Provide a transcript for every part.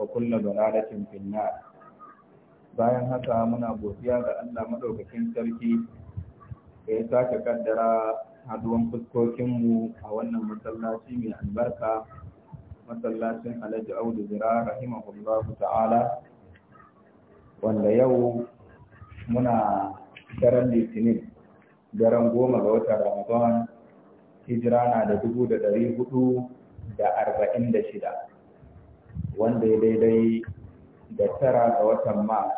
wa kulla dalalatin finna bayan haka muna godiya ga Allah madaukakin sarki da ya sake kaddara haduwan fuskokinmu a wannan masallaci mai albarka masallacin alhaji audu zira rahimahullahu ta'ala wanda yau muna daren litinin daren goma ga watan ramadan hijira na da dubu da ɗari hudu da arba'in da shida wanda ya daidai da tara a watan mars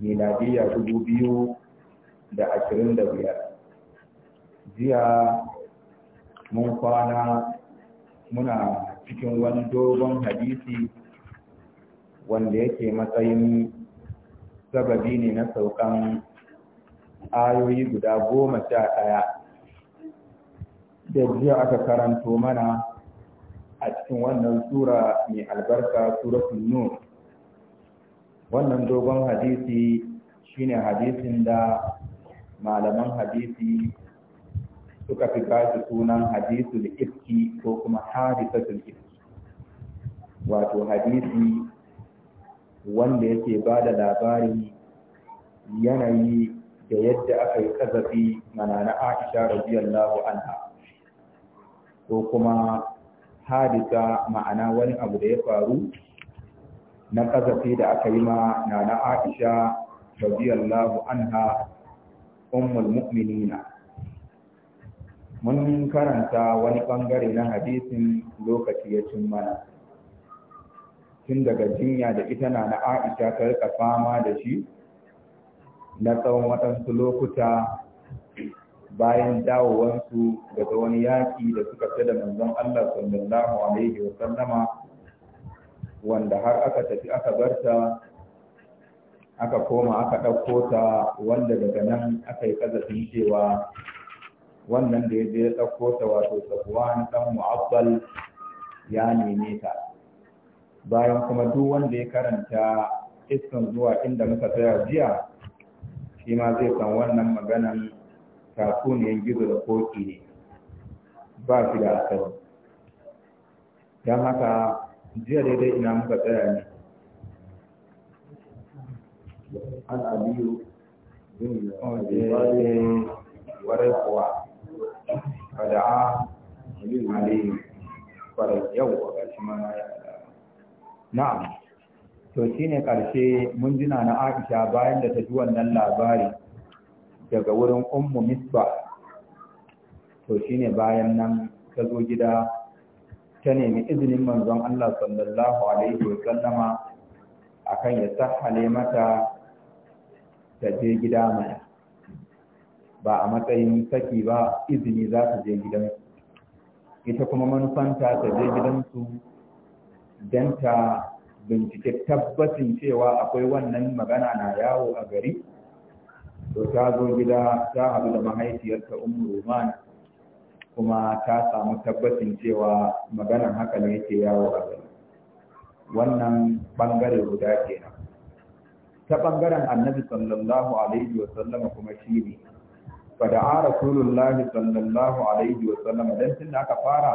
miladiya dubu biyu da ashirin da biyar jiya mun kwana muna cikin wani dogon hadisi wanda yake matsayin sababi ne na saukan ayoyi guda goma sha ɗaya da jiya aka karanto mana a cikin wannan sura mai albarka suratul nur wannan dogon hadisi shine hadisin da malaman hadisi suka fi bashi sunan hadisul ifki ko kuma hadisatul ifki wato hadisi wanda yake ba da labari yanayi da yadda aka yi kazafi mana na aisha radiyallahu anha ko kuma hadisa ma'ana wani abu da ya faru na kazafi da aka yi ma na nana Aisha radiyallahu anha ummul mu'minina mun karanta wani bangare na hadisin lokaci ya cin mana tun daga jinya da ita na na Aisha ta rika fama da shi na tsawon waɗansu lokuta bayan dawowansu daga wani yaƙi da suka fi da manzon Allah sallallahu alaihi wa sallama wanda har aka tafi aka barta aka koma aka ɗauko ta wanda daga nan aka yi kazafin cewa wannan da ya je ya ɗauko ta wato safuwan ɗan mu'abbal ya neme ta bayan kuma duk wanda ya karanta iskan zuwa inda muka tsaya jiya shi ma zai san wannan maganan tatsuniyan gizo da koki ne ba shi da asali don haka jiya daidai ina muka tsaya ne an aliyu oh, eh, eh. warai kuwa kada a aliyu kwarai yau a ƙarshe mana ya na'am to shine ƙarshe mun jina na aisha bayan da ta ji wannan labari daga wurin ummu misba to shine bayan nan ta zo gida ta nemi izinin manzon Allah sallallahu alaihi wa akan ya sahale mata ta je gida mana ba a matsayin saki ba izini za ta je gidansu ita kuma manufanta ta je gidansu don ta bincike tabbacin cewa akwai wannan magana na yawo a gari to ta zo gida ta haɗu da mahaifiyarta ummu ruman kuma ta samu tabbacin cewa maganan haka ne yake yawo a gari wannan bangare guda kenan ta ɓangaren annabi sallallahu alaihi wa sallama kuma shi ne da rasulullahi sallallahu alaihi wa sallama dan tun da aka fara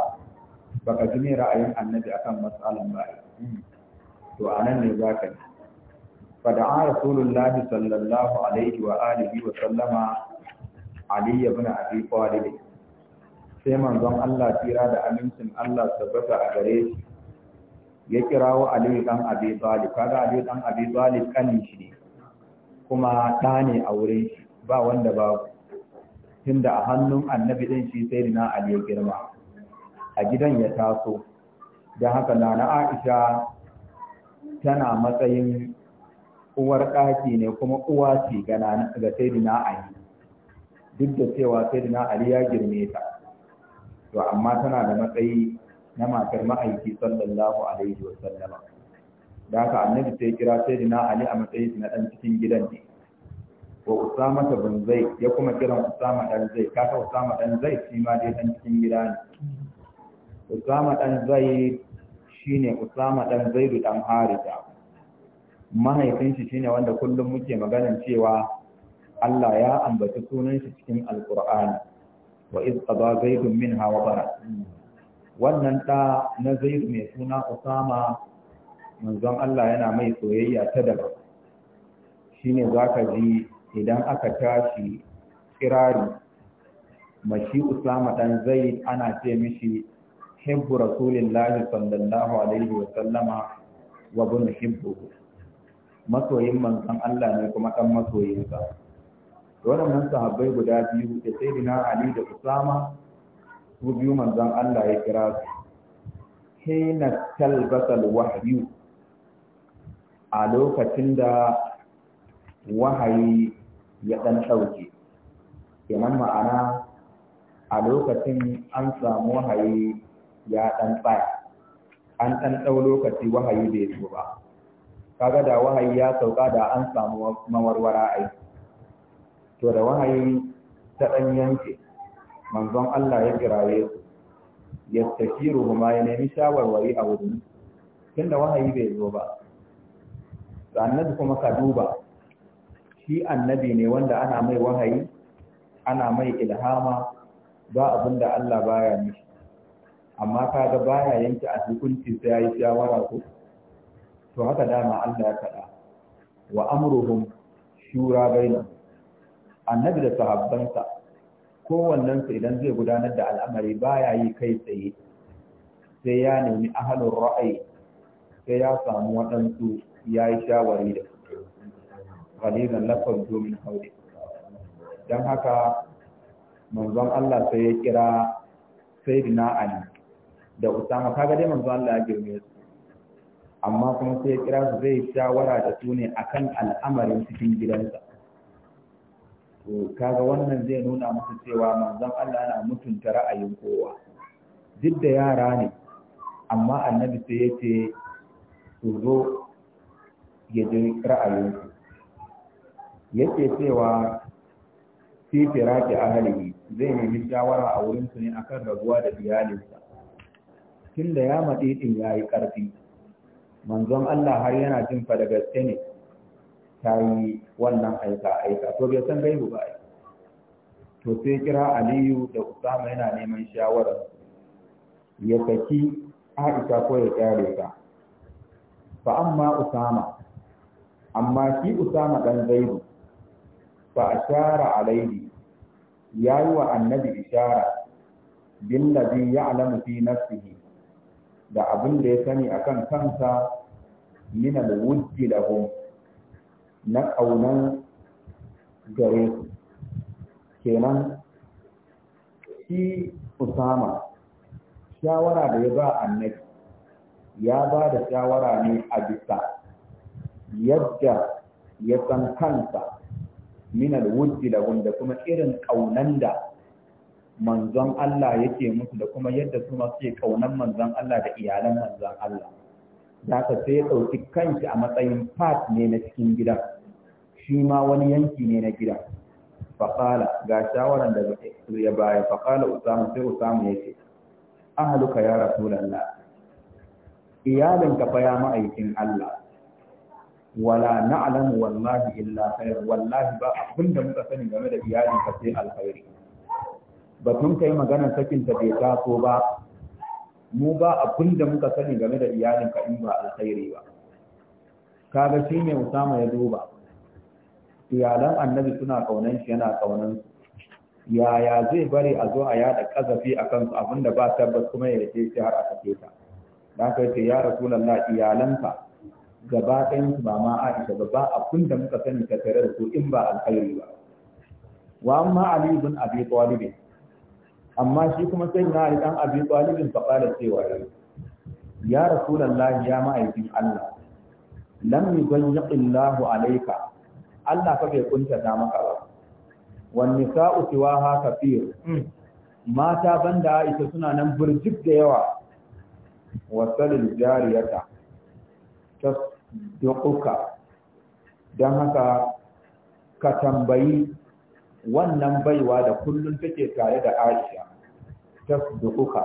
baka ji ra'ayin annabi akan matsalan ba to nan ne ka ji fada'a rasulullahi sallallahu alaihi wa alihi wa sallama ali ibn abi talib sai manzon Allah tira da amincin Allah tabbata a gare shi ya kirawo ali dan abi talib kaga ali dan abi talib kanin shi ne kuma da ne a wurin shi ba wanda ba tunda a hannun annabi din shi sai na ali ya girma a gidan ya taso don haka Nana aisha tana matsayin uwar ɗaki ne kuma uwa ce ga Saidina Ali duk da cewa Saidina Ali ya girme ta to amma tana da matsayi na matar ma'aiki sallallahu alaihi wa sallama da haka annabi sai kira Saidina Ali a matsayin na dan cikin gidan ne wa Usama ta bin zai ya kuma kiran Usama dan Ka kaka Usama dan zai shi ma dai dan cikin gida ne Usama dan zai shine Usama dan Zaidu dan Haritha mahaifinsu shi shine wanda kullum muke maganan cewa Allah ya ambaci sunan shi cikin alqur'ani wa iz qada zaidun minha wa bara wannan da na zaid mai suna usama manzon Allah yana mai soyayya ta daba shine zaka ji idan aka tashi kirari mashi usama dan zaid ana ce mishi hibbu rasulillahi sallallahu alaihi wa sallama wa bunu hibbuhu masoyin manzon Allah ne kuma ɗan masoyinsa waɗannan sahabbai guda biyu da sayyidina Ali da Usama su biyu manzon Allah ya kira su kaina talbasal wahyu a lokacin da wahayi ya ɗan ɗauke kenan ma'ana a lokacin an samu wahayi ya ɗan tsaya an ɗan ɗau lokaci wahayi bai zo ba kaga da wahayi ya sauka da an samu mawarwara ai to da wahayi ta dan yanke manzon Allah ya kiraye su yastakiru kuma ya nemi shawarwari a wurin tunda wahayi bai zo ba annabi kuma ka duba shi annabi ne wanda ana mai wahayi ana mai ilhama ba abinda Allah baya mishi amma kaga baya yanke a hukunci sai yi shawara ko to haka dama Allah ya faɗa wa amruhum shura baina annabi da sahabbansa kowannen su idan zai gudanar da al'amari baya yi kai tsaye sai ya nemi ahalin ra'ayi sai ya samu waɗansu ya yi shawari da ƙalilan lafar domin haure don haka manzon Allah sai ya kira sai Ali da Usama kaga dai manzon Allah ya girme su amma kuma sai ya kira su zai shawara da su ne a kan al'amarin cikin gidansa to kaga wannan zai nuna musu cewa manzon Allah na mutunta ra'ayin kowa duk da yara ne amma annabi sai ya ce su zo ya ji ra'ayinsu yake cewa fi firaki ahalihi zai nemi shawara a wurinsu ne akan rabuwa da iyalinsa tun da ya maɗiɗin ya yi ƙarfi manzon Allah har yana jin fa da gaske ne ta yi wannan aika-aika to bai san gaibu ba to sai kira aliyu da usama yana neman shawara ya saki aisha ko ya kyare ta fa amma usama amma shi usama dan zaidu fa ashara alaihi yayi wa annabi ishara billazi ya'lamu fi nafsihi da abin da ya sani akan kansa min al-wuddi lahum na ƙaunar gare su kenan shi Usama shawara da ya ba annabi ya ba da shawara ne a bisa yadda ya san kansa min al-wuddi lahum da kuma irin kaunan da manzon Allah yake musu da kuma yadda su ma suke kaunan manzon Allah da iyalan manzon Allah da ka sai ya ɗauki kanshi a matsayin part ne na cikin gida shi ma wani yanki ne na gida. faƙala ga shawaran da ya baya faƙala usamu sai usamu ya ce ahaluka ya rasulallah iyalinka fa ya ma'aikin Allah wala na'lamu wallahi illa khair wallahi ba abinda muka sani game da iyalinka sai alkhairi batun kai maganar sakinta bai taso ba mu ba abin da muka sani game da iyalinka in ba alkhairi ba kaga shi ne usama ya duba iyalan annabi suna kaunan shi yana kaunan yaya zai bari a zo a yada kazafi a kansu abin da ba tabbas kuma ya yace shi har a ta dan kai ce ya rasulullah iyalanka gaba ɗayan su ba ma Aisha ba ba abin da muka sani ta tare da su in ba alkhairi ba wa amma Ali ibn Abi Talib amma shi kuma sai na yi dan abin Talib fa qala cewa ya rasulullahi ya ma'aikin Allah lam yubayyaqillahu alayka Allah fa bai kunta ta maka ba wan nisa'u ha kafir mm. mata banda Aisha suna nan burjik da yawa wasalil jariyata tasduquka dan haka ka tambayi wannan baiwa da kullum take tare da Aisha tasduquka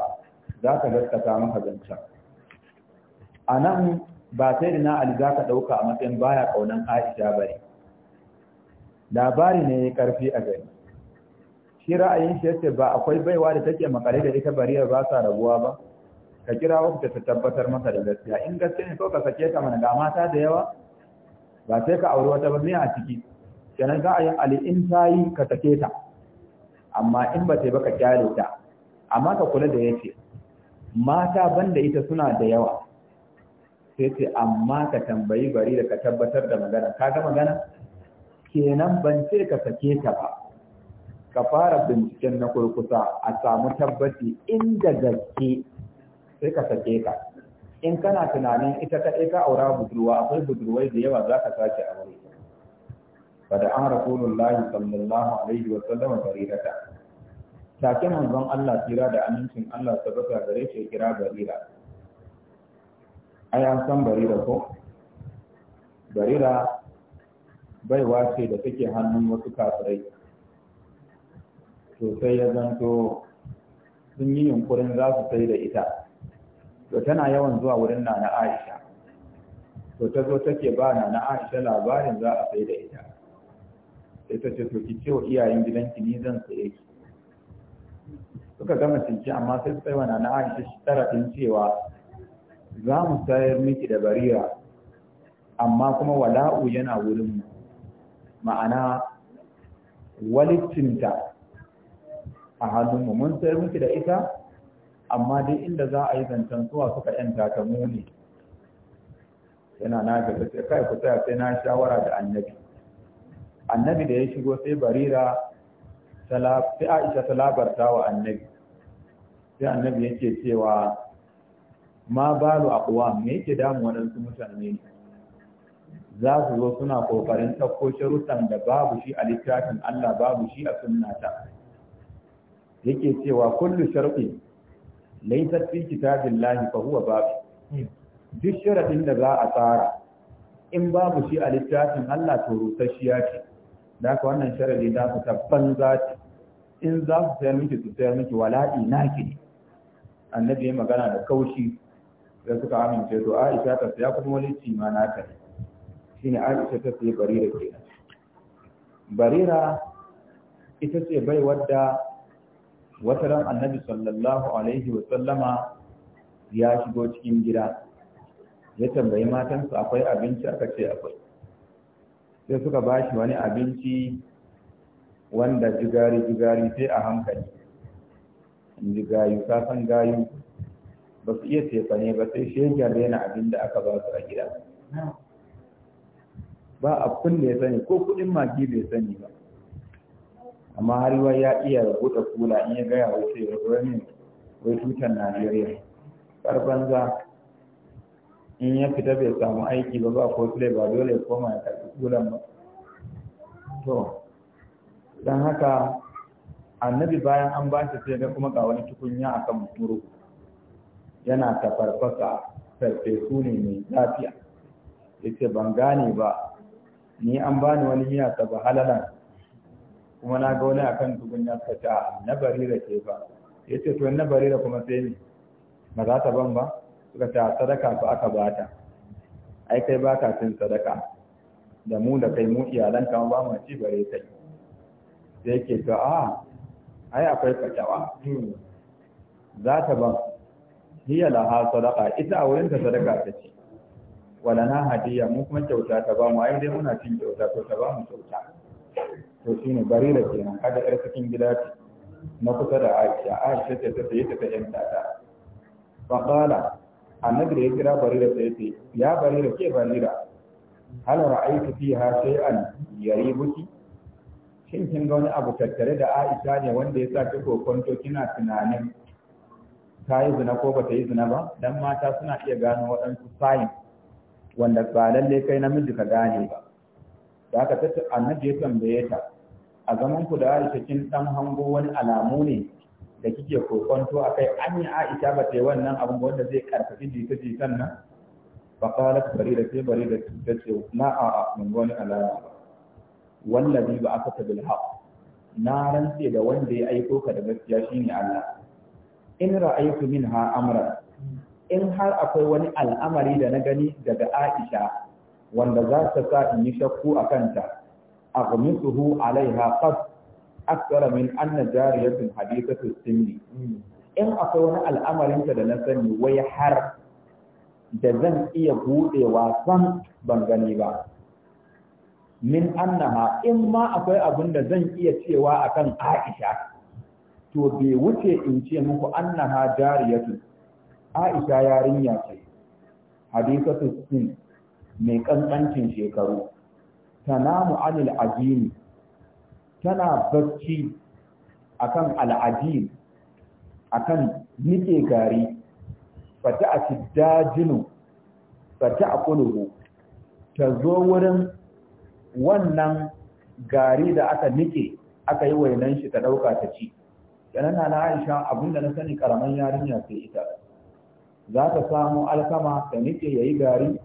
za ka gaskata maka zancen a nan ba sai da na ali za ka ɗauka a matsayin baya ƙaunar aisha bane labari ne ya ƙarfi a gani shi ra'ayin shi yace ba akwai baiwa da take makare da ita bariya ba sa rabuwa ba ka kira wata ta tabbatar masa da gaskiya in gaske ne ko ka sake ta mana ga mata da yawa ba sai ka aure wata ba ne a ciki kenan za a yi ali in ta yi ka sake ta amma in ba sai ba ka kyale ta amma ka kula da yace mata banda ita suna da yawa sai ce amma ka tambayi bari da ka tabbatar da magana ka ga magana kenan ban ce ka sake ta ba ka fara binciken na kurkusa a samu tabbaci inda gaske sai ka sake ka in kana tunanin ita kaɗai ka aura budurwa akwai budurwai da yawa za ka sake aure fa da an rasulullahi sallallahu alaihi wa sallam faridata take manzon Allah tira da amincin Allah baka gare shi kira barira ai an san barira ko barira baiwa ce da take hannun wasu kafirai to sai ya zanto sun yi yunkurin za su sai da ita to tana yawan zuwa wurin nana Aisha to ta zo take ba nana Aisha labarin za a sai da ita sai ta ce to ki ce wa iyayen gidanki ni zan saye ki suka gama cinci amma sai sai wa na aisha sharaɗin cewa za mu sayar miki da barira amma kuma wala'u yana wurin ma'ana walittinta a hannunmu mun sayar miki da ita amma dai inda za a yi zancen zuwa suka yanta ta muni yana na gaba sai kai ku tsaya sai na shawara da annabi annabi da ya shigo sai barira sai aisha ta labarta wa annabi sai annabi yake cewa ma balu aqwa me yake damu waɗansu mutane za su zo suna kokarin tafko sharutan da babu shi a littafin Allah babu shi a sunnata yake cewa kullu sharqi laysa fi kitabillahi fa huwa babu duk sharadin da za a tsara in babu shi a littafin Allah to rusasshiya ce da haka wannan sharadi da ku tabban zati in za su sayar miki su sayar miki wala'i ki ne annabi ya magana da kaushi da suka amince to Aisha ta saya kuma wani cima naka ne shine Aisha ta sayi barira kenan barira ita ce bai wadda wata ran annabi sallallahu alaihi wa sallama ya shigo cikin gida ya tambayi matansa akwai abinci aka ce akwai sai suka bashi wani abinci wanda jigari jigari sai a hankali in ji gayu ka san gayu ba su iya tefa ne ba sai shegen rena abin da aka ba su a gida ba a da ya sani ko kudin maki bai sani ba amma har ya iya rubuta kula in ya gaya wai ya ya ne wai tutar najeriya karban za in ya fita bai samu aiki ba ba ko ba dole ya koma ya karɓi kulan ba don haka annabi bayan an ba shi sai ga kuma ga wani tukunya a kan muturu yana ta farfasa farfesu ne mai lafiya ya ce ban gane ba ni an bani wani miya ta halalan. kuma na ga wani akan tukunya suka ta ah, na barira ke ba ya ce to na barira kuma sai ne ba za ta ban ba suka ta sadaka ba aka ba ta. ai kai ba ka cin sadaka da mu da kai mu iyalan kama ba mu ci bare kai Da yake to a ai akwai fatawa za ta ban hiya laha sadaqa ita a wurin ta sadaka ta ce wala na hadiya mu kuma kyauta ta ba mu ai dai muna cin kyauta to ta ba mu kyauta to shine barira kenan kaga yar cikin gida ce na kusa da Aisha Aisha ce ta yi ta ta yanta ta fa annabi da ya kira barira sai ce ya barira ke barira hal ra'aytu fiha shay'an yaribuki shin kin ga wani abu tattare da Aisha ne wanda ya sa ki kokonto kina tunanin ta yi zina ko bata yi zina ba dan mata suna iya gano waɗansu sayin wanda ba lalle kai namiji ka gane ba da aka tattu annabi ya tambaye ta a zaman ku da Aisha kin dan hango wani alamu ne da kike kokonto akai an yi Aisha ba ta yi wannan abin wanda zai karfafi jita-jitan nan fa qalat Farida sai Farida ce na a'a mun alama ba wallazi ba aka ta bil na rantse da wanda ya aiko ka da gaskiya shine Allah in ra'aytu minha amra in har akwai wani al'amari da na gani daga Aisha wanda za ta sa in yi shakku a kanta aghmisuhu alaiha qad akthara min anna jariyatun hadithatu sinni in akwai wani al'amarin da na sani wai har da zan iya budewa san ban gani ba min annaha in ma akwai abin da zan iya cewa akan Aisha to bai wuce in ce muku annaha jariyatu Aisha yarinya ce hadisatu sin mai kankancin shekaru tanamu anil ajini tana bacci akan al'ajin akan nike gari fata a dajinu fata a ta zo wurin wannan gari da aka nike aka yi wainan shi ta ɗauka ta ci kenan na Aisha abinda na sani karaman yarinya sai ita za ta samu alkama ta nike yayi gari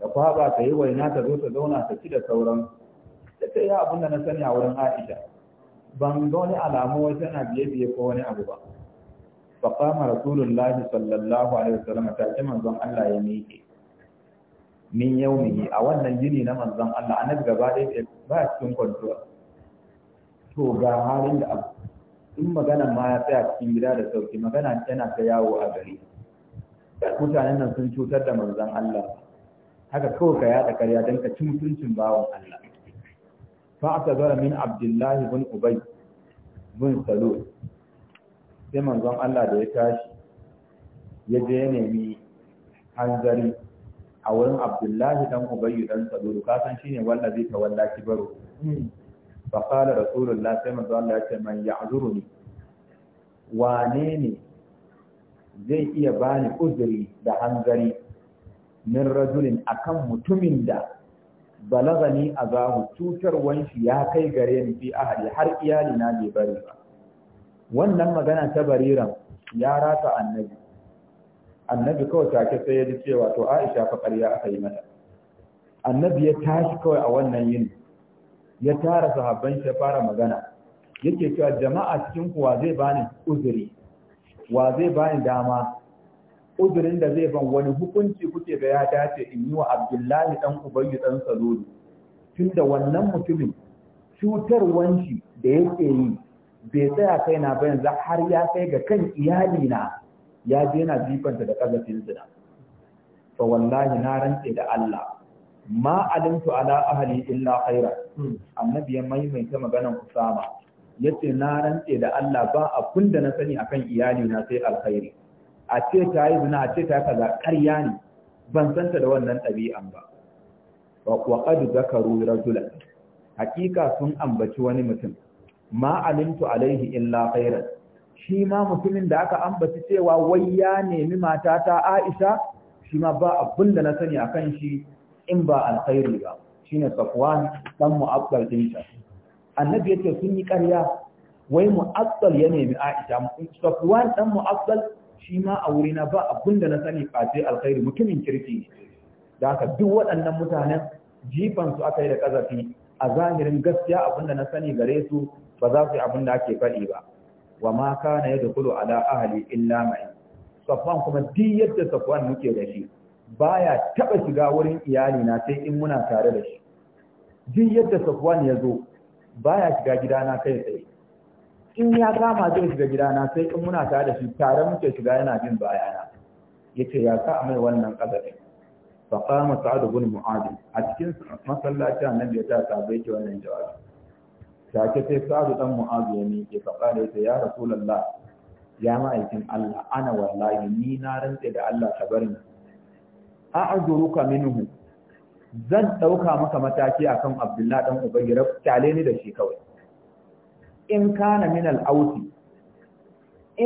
ta kwaba ta yi waina ta zo ta zauna ta ci da sauran ta ce abinda na sani a wurin Aisha ban ga wani alamu wai tana biye biye ko wani abu ba kama rasulullahi sallallahu alaihi wasallam ta ce manzon Allah ya miƙe min yaumihi a wannan jini na manzon Allah annabi gaba ɗaya ba cikin kwantuwa to ga halin da abu in magana ma ya tsaya cikin gida da sauki magana yana ta yawo a gari mutanen nan sun cutar da manzon Allah haka kawai ka yada karya don ka ci mutuncin bawan Allah fa aka zara min abdullahi bin Ubai bin salo sai manzon Allah da ya tashi ya je ya nemi hanzari a wurin abdullahi dan ubayyu dan salulu ka san shine wanda zai ta walla kibaru fa qala rasulullah sai manzo Allah ya ce man ya'zuruni wane ne zai iya bani uzuri da hanzari min rajulin akan mutumin da balagani azahu cutar wanshi ya kai gare ni fi ahli har iyali na bari ba wannan magana ta bariran ya rata annabi annabi kawai take sai ya ji cewa to Aisha fa ƙarya aka yi mata annabi ya tashi kawai a wannan yin ya tara sahabban shi fara magana yake cewa jama'a cikin ku wa zai bani uzuri wa zai bani dama uzurin da zai ban wani hukunci kuke ga ya dace in yi wa Abdullahi dan Ubayy dan Salulu tunda wannan mutumin cutar cutarwanci da yake yi bai tsaya kai na ba yanzu har ya kai ga kan iyalina ya je yana jifanta da kazafin zina fa wallahi na rantse da Allah ma alimtu ala ahli illa khaira hmm. annabi ya maimaita maganar Usama yace na rantse da Allah ba abun da na sani akan iyali na sai alkhairi a ce ta yi zina a ce ta kaza ƙarya ne ban santa da wannan ɗabi'an ba wa qad zakaru rajulan hakika sun ambaci wani mutum ma alimtu alaihi illa khairan shi ma mutumin da aka ambaci cewa wai ya nemi matata Aisha shi ma ba abin da na sani akan shi in ba alkhairi ba shine Safwan dan Mu'abbal din ta annabi yace sun yi ƙarya wai Mu'abbal ya nemi Aisha Safwan dan Mu'abbal shi ma a wuri na ba abin da na sani face alkhairi mutumin kirki da haka duk waɗannan mutanen jifan su aka yi da kazafi a zahirin gaskiya abin da na sani gare su ba za su yi abin da ake faɗi ba wa ma kana yadkhulu ala ahli illa ma'i safwan kuma din yadda safwan muke da shi baya taba shiga wurin iyali na sai in muna tare da shi din yadda safwan ya zo baya shiga gidana kai tsaye in ya kama zai shiga gidana sai in muna tare da shi tare muke shiga yana jin bayana yace ya sa mai wannan kadari fa qama sa'ad ibn mu'adh a cikin masallaci annabi ya ta sabai wannan jawabi take sai sa'adu dan mu'azu ya miƙe fa kare sai ya rasulullah ya ma'aikin Allah ana wallahi ni na rantse da Allah ka bar ni a'azuruka minhu zan dauka maka mataki akan Abdullah dan rab rabtale ni da shi kawai in kana min al awti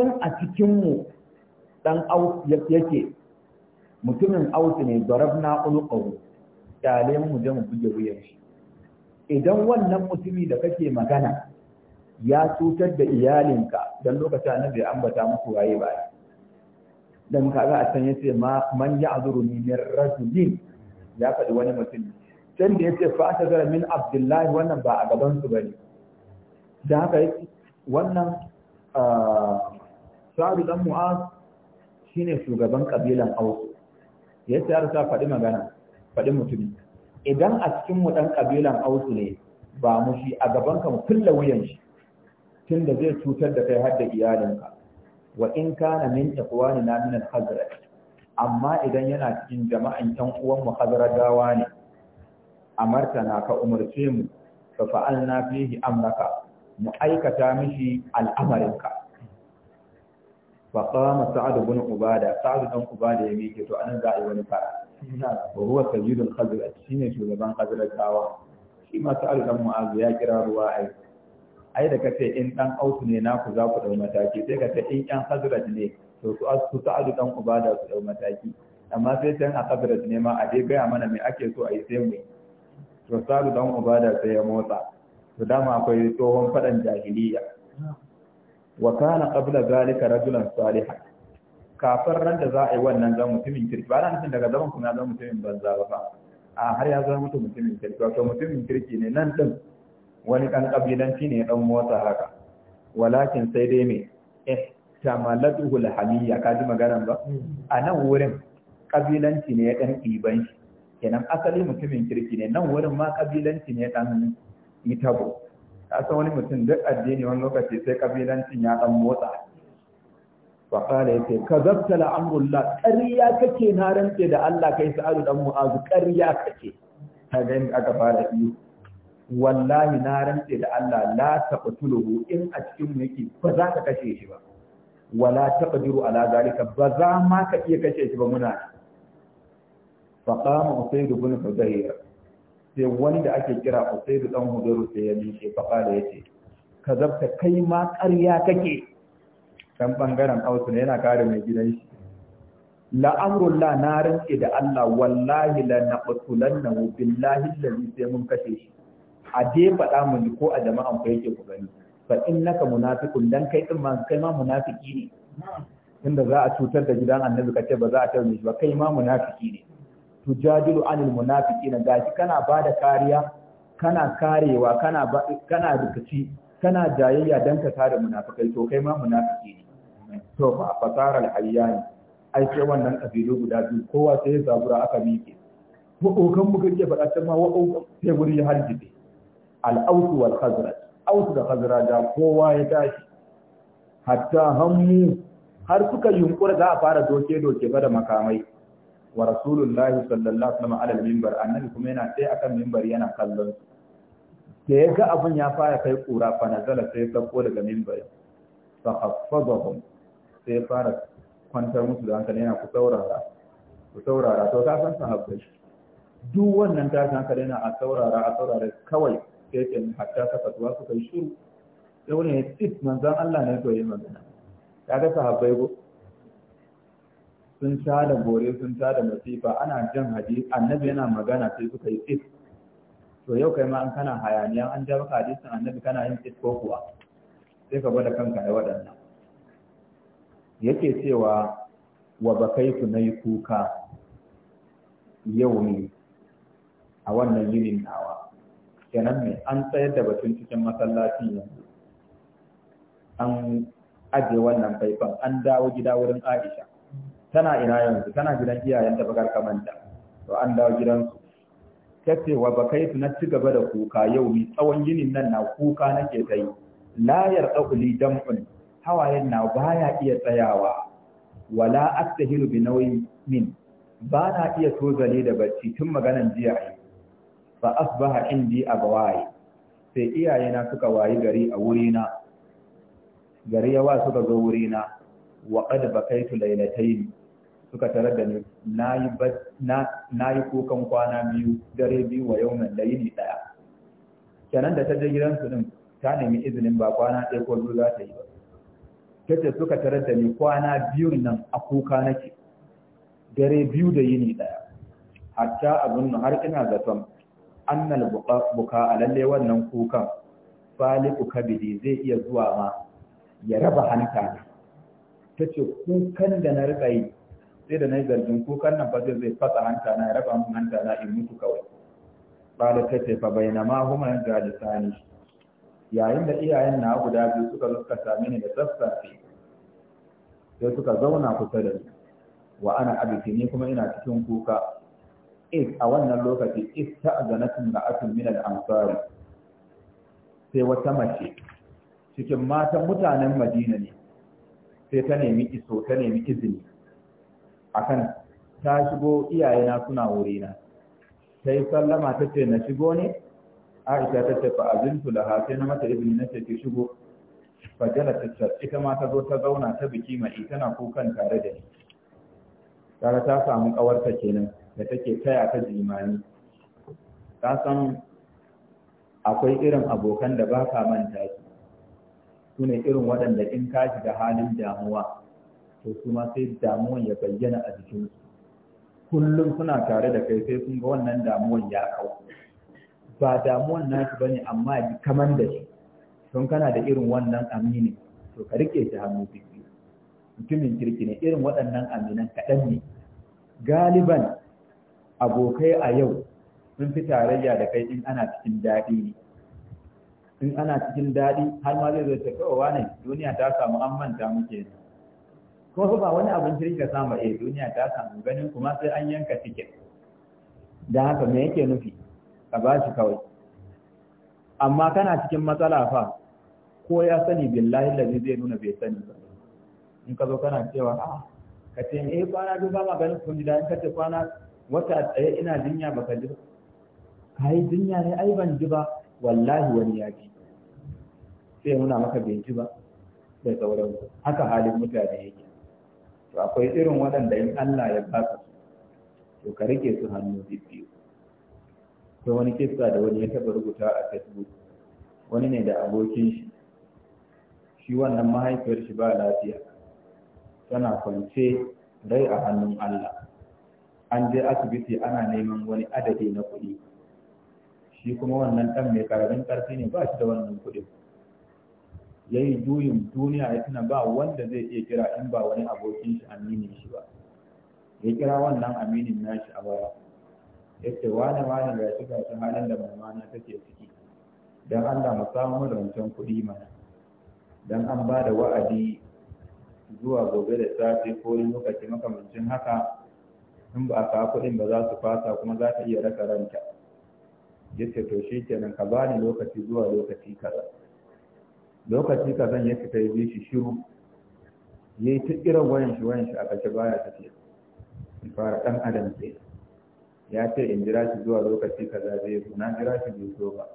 in a cikin mu dan aus yake mutumin ausi ne darabna ulqahu kyale mu je mu buge wuyar shi idan wannan mutumi da kake magana ya cutar da iyalinka don lokacin annabi ya ambata muku waye ba dan kaga a san yace ma man ya'zuru min rajulin ya faɗi wani mutum can da yace fa ta min abdullahi wannan ba a gaban su bane da haka wannan ah, sa'adu dan mu'az shine shugaban kabilan aus yace ya faɗi magana faɗi mutumi idan a cikin mu dan kabilan ausu ne ba mu shi a gaban ka mu kulla wuyan shi tunda zai cutar da kai har da iyalinka wa in kana min ikhwani na min al-hazrat amma idan yana cikin jama'an yan uwan mu hazradawa ne amarta na ka umarce mu fa fa'alna fihi amraka mu aikata mishi al'amarinka fa qama sa'ad ibn ubada sa'ad dan ubada ya miƙe to anan za a yi wani fara wa huwa sayyidul khazraj shine shugaban khazrajawa shi ma sa'al dan ya kira ruwa ai ai da kace in dan ausu ne naku za ku dau mataki sai kace in yan khazraj ne to su asu sa'al dan ubada su dau mataki amma sai can a khazraj ne ma a dai gaya mana me ake so a yi sai mu to sa'al dan ubada sai ya motsa to dama akwai tsohon fadan jahiliya wa kana qabla zalika rajulan salihan kafin ran da za a yi wannan zan mutumin kirki ba na nufin daga zaman kuma zan mutumin banza ba fa a har ya zama mutum mutumin kirki wato mutumin kirki ne nan din wani kan kabilanci ne dan motsa haka walakin sai dai me eh tamalatuhu alhamiyya ka ji maganar ba a nan wurin kabilanci ne ya dan iban shi kenan asali mutumin kirki ne nan wurin ma kabilanci ne ya dan itabo ka san wani mutum duk addini wani lokaci sai kabilancin ya dan motsa faƙala ya ce ka zabta la'amurla ƙarya kake na rantse da Allah kai sa'adu dan mu'azu ƙarya kake ta gani aka fara iyo wallahi na rantse da Allah la taqtuluhu in a cikin mu yake ba za ka kashe shi ba wala taqdiru ala zalika ba za ma ka iya kashe shi ba muna faqama usayd ibn hudayr sai wani da ake kira usayd dan hudayr sai ya ce faqala yace kazabta kai ma ƙarya kake dan bangaren ausu ne yana kare mai gidan shi la na rinke da Allah wallahi la naqtulannahu billahi allazi sai mun kashe shi a je faɗa mu ko a jama'an ku yake ku gani fa innaka munafiqun dan kai din ma kai ma munafiki ne Inda za a cutar da gidan annabi ka ce ba za a tarbe shi ba kai ma munafiki ne tujadilu anil munafiqina gashi kana bada kariya kana karewa kana kana rikici kana jayayya dan ka kare munafikai to kai ma munafiki ne to fa fasara al ayyan ai sai wannan kabilu guda biyu kowa sai ya zabura aka miƙe ko okan muka ke faɗa can ma wa sai wuri ya harjibe al-aus wal khazraj aus da khazraj kowa ya tashi hatta hammu har suka yunkura za a fara doke doke ba da makamai wa rasulullahi sallallahu alaihi wasallam alal minbar annabi kuma yana sai akan minbar yana kallon su da ya ga abin ya fara kai kura fa nazala sai ya sauko daga minbar fa haffazahum sai ya fara kwantar musu da hankali yana ku saurara ku saurara to ka san sahabbai duk wannan ta san hankali na a saurara a saurara kawai sai ke hatta ka fatuwa suka yi shiru sai wani ya tsit Allah ne to yi magana ya ga sahabbai ko sun da gore sun da masifa ana jan hadisi annabi yana magana sai suka yi tsit to yau kai ma an kana hayaniya an ja maka hadisin annabi kana yin tsit ko kuwa sai ka gwada kanka da waɗannan yake cewa wa bakaitu na yi kuka yau ne a wannan yinin nawa kenan mai an tsayar da batun cikin masallacin yanzu an aje wannan faifan an dawo gida wurin aisha tana ina yanzu tana gidan iyayen da bakar kamanta to an dawo gidansu ta ce wa bakaitu na ci gaba da kuka yau ni tsawon yinin nan na kuka nake ta yi la yarda uli dam'un hawayen na baya iya tsayawa wala astahilu bi nauyi min ba na iya tozale da bacci tun maganan jiya yi fa asbaha indi abawai sai iyaye na suka wayi gari a na gari yawa suka zo na? wa qad bakaitu laylatayn suka tare da ni nayi nayi kokan kwana biyu dare biyu wa yawmin layli daya kenan da ta je gidansu din ta nemi izinin ba kwana ɗaya ko biyu za ta yi ba tace suka tarar da ni kwana biyun nan a kuka nake dare biyu da yini ɗaya. hatta abun har ina zaton annal buka a lalle wannan kukan faliku kabili zai iya zuwa ma ya raba hanta ne tace kukan da na rika yi sai da na yi zargin kukan nan fa zai fasa hanta na ya raba mun hanta na in mutu kawai ba da tace fa ma huma a ne yayin da iyayen na guda biyu suka zo suka same ni da sassafe sai suka zauna kusa da ni wa ana abiki ni kuma ina cikin kuka is a wannan lokaci is ta azanatun da atun min al-ansari sai wata mace cikin matan mutanen Madina ne sai ta nemi iso ta nemi izini akan ta shigo iyayena suna wurina sai sallama ta ce na shigo ne aisha ta ce fa azintu laha na mata izini na ce ki shigo fa ta ita ma ta zo ta zauna ta biki mai tana kukan tare da ni tare ta samu kawarta kenan da take taya ta jimani ta san akwai irin abokan da ba ka manta su su irin waɗanda in ka shiga halin damuwa to su ma sai damuwan ya bayyana a jikinsu kullum suna tare da kai sai sun ga wannan damuwan ya kawo ba damuwan nasu bane amma bi kaman da shi don kana da irin wannan amini to ka rike shi hannu biyu mutumin kirki ne irin waɗannan aminan kaɗan ne galiban abokai a yau sun fi tarayya da kai in ana cikin daɗi ne in ana cikin daɗi har ma zai zo ta kawo ne duniya ta samu an manta muke ko ba wani abin kirki ka samu eh duniya ta samu ganin kuma sai an yanka tiket da haka me yake nufi ka ba shi kawai amma kana cikin matsala fa ko ya sani billahi lazi zai nuna bai sani ba in ka zo kana cewa a ah, ka ce eh kwana biyu ba ma ganin kun ji da in ka ce kwana wata tsaye ina jinya baka ji ka yi jinya ne ai ban ji ba wallahi wani ya ji sai nuna maka bai ji ba da sauran haka halin mutane yake to akwai irin waɗanda in Allah ya baka su to ka rike su hannu biyu akwai wani kisa da wani ya taba rubuta a facebook wani ne da abokin shi shi wannan mahaifiyar shi ba lafiya tana kwance rai a hannun allah an je asibiti ana neman wani adadi na kuɗi shi kuma wannan ɗan mai karamin ƙarfi ne ba shi da wannan kuɗin ya yi juyin duniya ya tuna ba wanda zai iya kira in ba wani abokin shi aminin shi ba ya kira wannan aminin nashi a baya yace wani wani ga shi ga shi halin da mamana take ciki dan Allah mu samu da wancan kuɗi mana dan an ba da wa'adi zuwa gobe da safe ko wani lokaci makamancin haka in ba a ba za su fasa kuma za ta iya raka ranta yace to shi kenan ka bani lokaci zuwa lokaci kaza lokaci kaza ne fita ya shi shiru ya yi irin wayan shi wayan shi a kashe baya tafiya fara ɗan adam sai ya ce in jira shi zuwa lokaci kaza zai zo na jira shi bai zo ba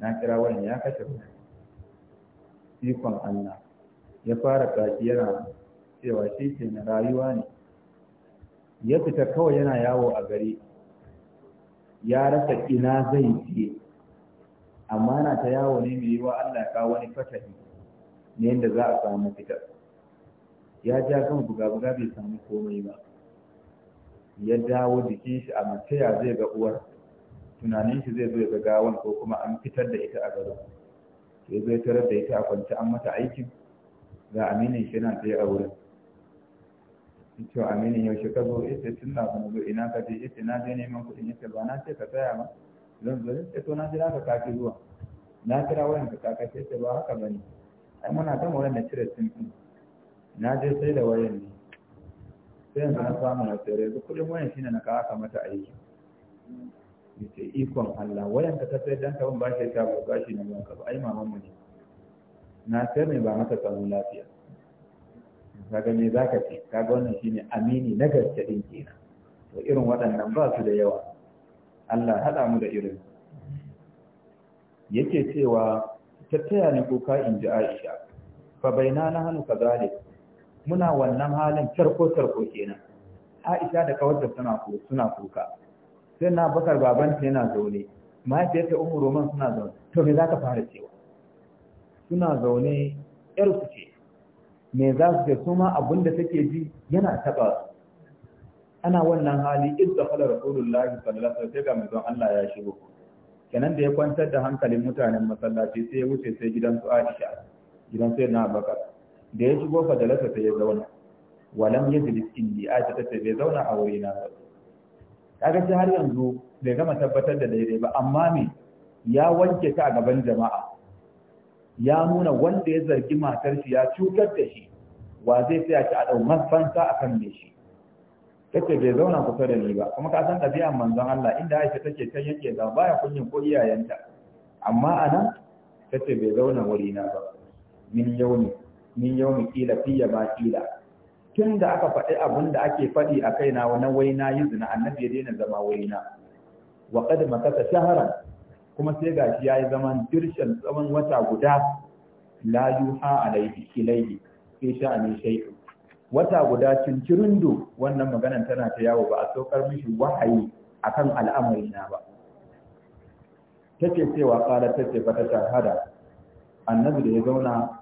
na kira wani ya kashe ku. ikon Allah ya fara tsaki yana cewa shi ke na rayuwa ne ya fita kawai yana yawo a gari ya rasa ina zai je amma na ta yawo ne mai yiwa Allah ya kawo wani fatahi ne yadda za a samu fitar ya ja kan buga-buga bai samu komai ba ya dawo jikin shi a mataya zai ga uwar tunanin shi zai zo ya ga gawan ko kuma an fitar da ita a gado ya zai tarar da ita a kwance an mata aikin ga aminin shi yana tsaye a wurin ce aminin yaushe ka zo ita tun na kuma zo ina ka je ita na je neman kuɗin ita ba na ce ka tsaya ba zan zo ita to na jira ka kaki zuwa na kira wayan ka kaka ce ba haka bane ai muna gama wannan cire sim na je sai da wayan ne sai yanzu na samu na tsere yanzu kuɗin wayan shine na kawo mata aiki yace ikon Allah wayan ka ta sai dan ka ban bashi ta ba bashi ne ban ka ai maman mu ne na sayar ne ba mata tsaron lafiya kaga me zaka ce kaga wannan shine amini na gaske din kenan to irin waɗannan ba su da yawa Allah haɗa mu da irin yake cewa tattaya ne kuka in ji Aisha fa bainana na hannu muna wannan halin tarko tarko kenan Aisha da kawarta suna suna kuka sai na bakar babanta yana zaune mahaifiyarta umu Roman suna zaune to me zaka fara cewa suna zaune yar su ce me za su ce su ma abin da take ji yana taba ana wannan hali idda khala rasulullahi sallallahu alaihi wasallam ga manzon Allah ya shigo kenan da ya kwantar da hankalin mutanen masallaci sai ya wuce sai gidan su Aisha gidan sai na Abubakar da ya shigo fadalasa ta ya zauna walam yajlis indi aisha ta ce bai zauna a wurina ba kaga sai har yanzu bai gama tabbatar da daidai ba amma me ya wanke ta a gaban jama'a ya nuna wanda ya zargi matar shi ya cutar da shi wa zai tsaya ki a dau mafanta akan me shi kace bai zauna kusa da ni ba kuma ka san ɗabi'ar manzon Allah inda Aisha take ta yake da baya kunyin ko iyayenta amma anan kace bai zauna wuri na ba min yauni min yawmi qila fiya ba qila tun da aka faɗi abun da ake faɗi a kaina wani waina yi zina annabi ya daina zama waina wa kad makata shahara. kuma sai gashi yayi zaman dirshan tsawon wata guda la yuha alayhi ilayhi fi sha'ani shay'un wata guda cin cincirindo wannan maganan tana ta yawo ba a saukar mishi wahayi akan al'amari na ba take cewa kala take ba ta shahada annabi da ya zauna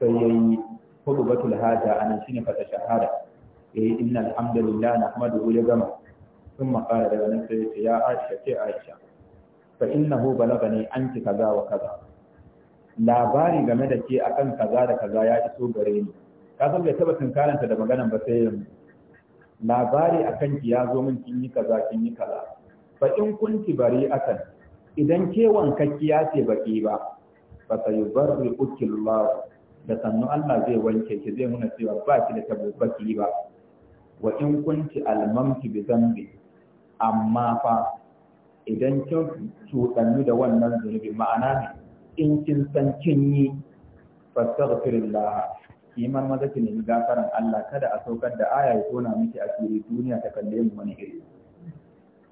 sai ya yi hudu hudubatul haja a nan shine fata shahada ya yi inna alhamdulillah na kuma dubu ya gama sun makara daga nan sai ce ya aisha ce aisha fa innahu an anki kaza wa kaza labari game da ke akan kaza da kaza ya iso gare ni ka san bai taba tunkaranta da maganan ba sai yanzu labari akan ki ya zo min kin yi kaza kin yi kaza fa in kunti bari akan idan ke wanka wankakkiya ce baki ba fa sayubarri ukillahu da sannu Allah zai wanke ki zai nuna cewa ba ki da tabbaki ba wa in kunti almamki bi zambi amma fa idan kin cuɗannu da wannan zunubi ma'ana in kin san kin yi fastaghfirullah iman maza zaki ne gafaran Allah kada a saukar da aya ya tona miki asiri duniya ta kalle mu wani iri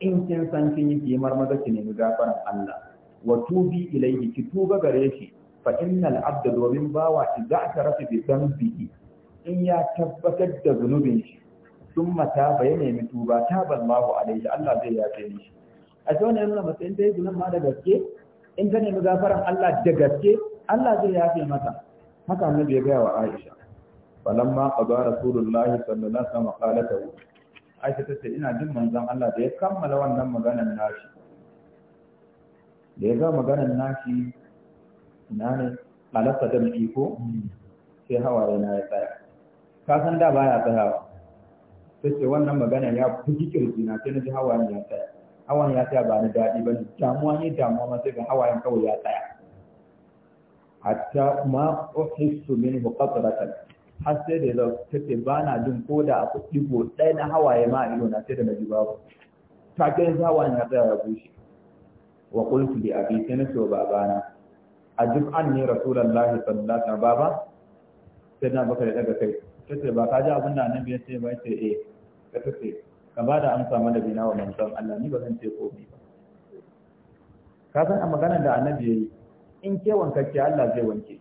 in kin san kin yi kimar maza ki nemi gafaran Allah wa tubi ilaihi ki tuba gare shi fa innal abda domin bawa ta rasu bi dhanbihi in ya tabbatar da zunubin shi sun mata ba ya nemi tuba ta ballahu alaihi Allah zai yafe ce shi a sai wannan yana matsayin ta yi ma da gaske in ta nemi gafaran Allah da gaske Allah zai yafe mata haka annabi ya gaya wa Aisha falamma qada rasulullahi sallallahu alaihi wasallam qalatahu Aisha ta ce ina jin manzon Allah da ya kammala wannan maganar nashi da ya ga maganar nashi na ne lafa da mu ko sai hawaye na ya tsaya ka san da baya tsayawa sai ce wannan magana ya bugi kirji na sai na ji hawayen ya tsaya hawayen ya tsaya ba ni daɗi ba ne damuwa ne damuwa ma sai ga hawayen kawai ya tsaya hatta ma uhissu min qatratan har sai da ya ta ce ba na jin ko da aku ɗigo ɗaya na hawaye ma a ido na sai da na ji babu ta kai hawayen ya tsaya ya bushe wa kulki da abi sai na ce wa babana a jum'an ne rasulullahi sallallahu alaihi baba sai na baka da daga kai sai ba ka ji abin da annabi ya ce ba ce eh ka tace eh, ka ba da amsa mana bina wa manzon Allah ni ba zan ce komai ba ka san a maganar da annabi yayi in ke wanka ke Allah zai wanke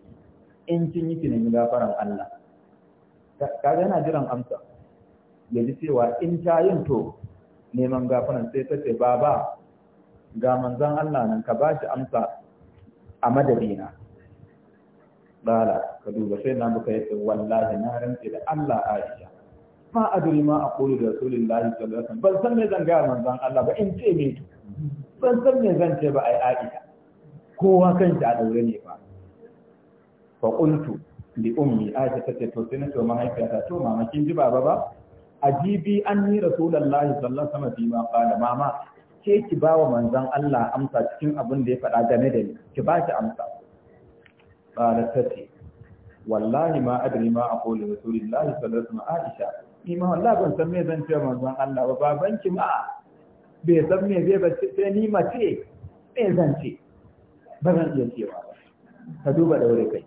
in kin yi ki nemi gafaran Allah ka ga yana jiran amsa ya ji cewa in ta yin to neman gafaran sai ta ce baba ga manzon Allah nan ka ba shi amsa a madadina bala ka duba sai na muka yi wallahi na rantse da Allah Aisha ma adri ma aqulu da rasulillahi sallallahu alaihi wasallam ban san me zan ga manzon Allah ba in ce me ban san me zan ce ba ai Aisha kowa kanta a daure ne ba fa qultu li ummi Aisha tace to sai na to mahaifiyata to mama kin ji baba ba ajibi anni rasulullahi sallallahu alaihi wasallam fi ma qala mama ke ki ba wa manzon Allah amsa cikin abin da ya faɗa game da ni ki ba ki amsa qalat tati wallahi ma adri ma aqulu rasulillahi sallallahu alaihi wasallam aisha ni ma wallahi ban san me zan ce manzon Allah ba baban ki ma bai san me zai ba ce ni mace me zan ce ba zan iya cewa ba ka duba wuri kai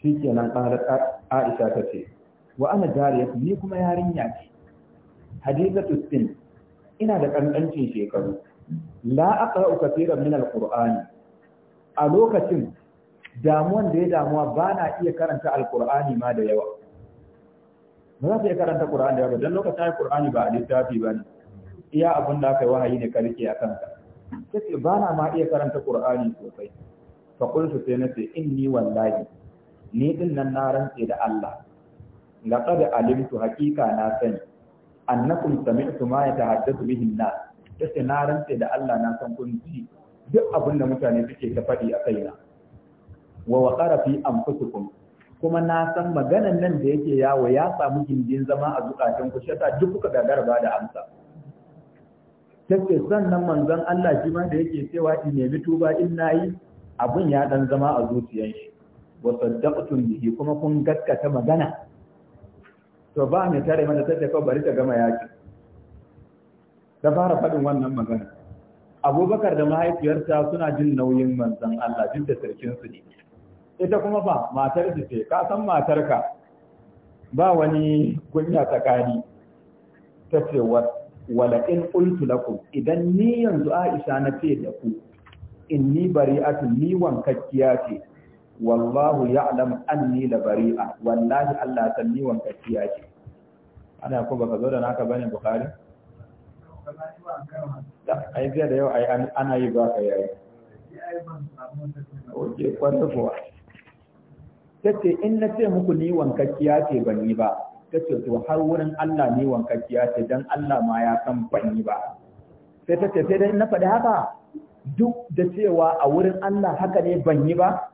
shi kenan ƙara aisha ta ce, wa ana jariya ni kuma yarinya ce hadithatu sin ina da ƙanƙancin shekaru la aqra'u kathiran min alqur'ani a lokacin damuwan da ya damuwa ba na iya karanta alqur'ani ma da yawa ba za su iya karanta qur'ani da yawa dan lokacin ƙur'ani, ba a littafi ba ne iya abin da aka wahayi ne karke a kanka sai ba na ma iya karanta qur'ani sosai fa su sai na in inni wallahi ni din nan na rantse da Allah Ga kada alimtu haqiqa na sani annakum sami'tu ma yatahaddathu bihi an-nas tace na rantse da Allah na san kun ji duk abin da mutane suke ta faɗi a kaina wa waqara fi anfusikum kuma na san maganan nan da yake yawo ya samu gindin zama a zukatan ku shata duk kuka gagara ba da amsa tace sannan manzon Allah shi ma da yake cewa in nemi tuba in nayi abun ya dan zama a zuciyar shi wa saddaqtum bihi kuma kun gaskata magana to ba mai tare mana ce kawai bari ta gama yaki ta fara faɗin wannan magana abubakar da mahaifiyarta suna jin nauyin manzan Allah jin da su ne ita kuma ba matar su ce ka san matarka ba wani kunya tsakani ta ce wala in qultu lakum idan ni yanzu Aisha na ce da ku inni bari'atun ni wankakkiya ce wallahu ya'lam anni la bari'a wallahi Allah san ni wankaciya ce ana ko baka zo da naka bane bukhari da ai biya da yau ai ana yi baka yayi oke kwanta in na ce muku ni wankaciya ce ban yi ba tace to har wurin Allah ni wankaciya ce dan Allah ma ya san ban yi ba sai ce sai dai na faɗi haka duk da cewa a wurin Allah haka ne ban yi ba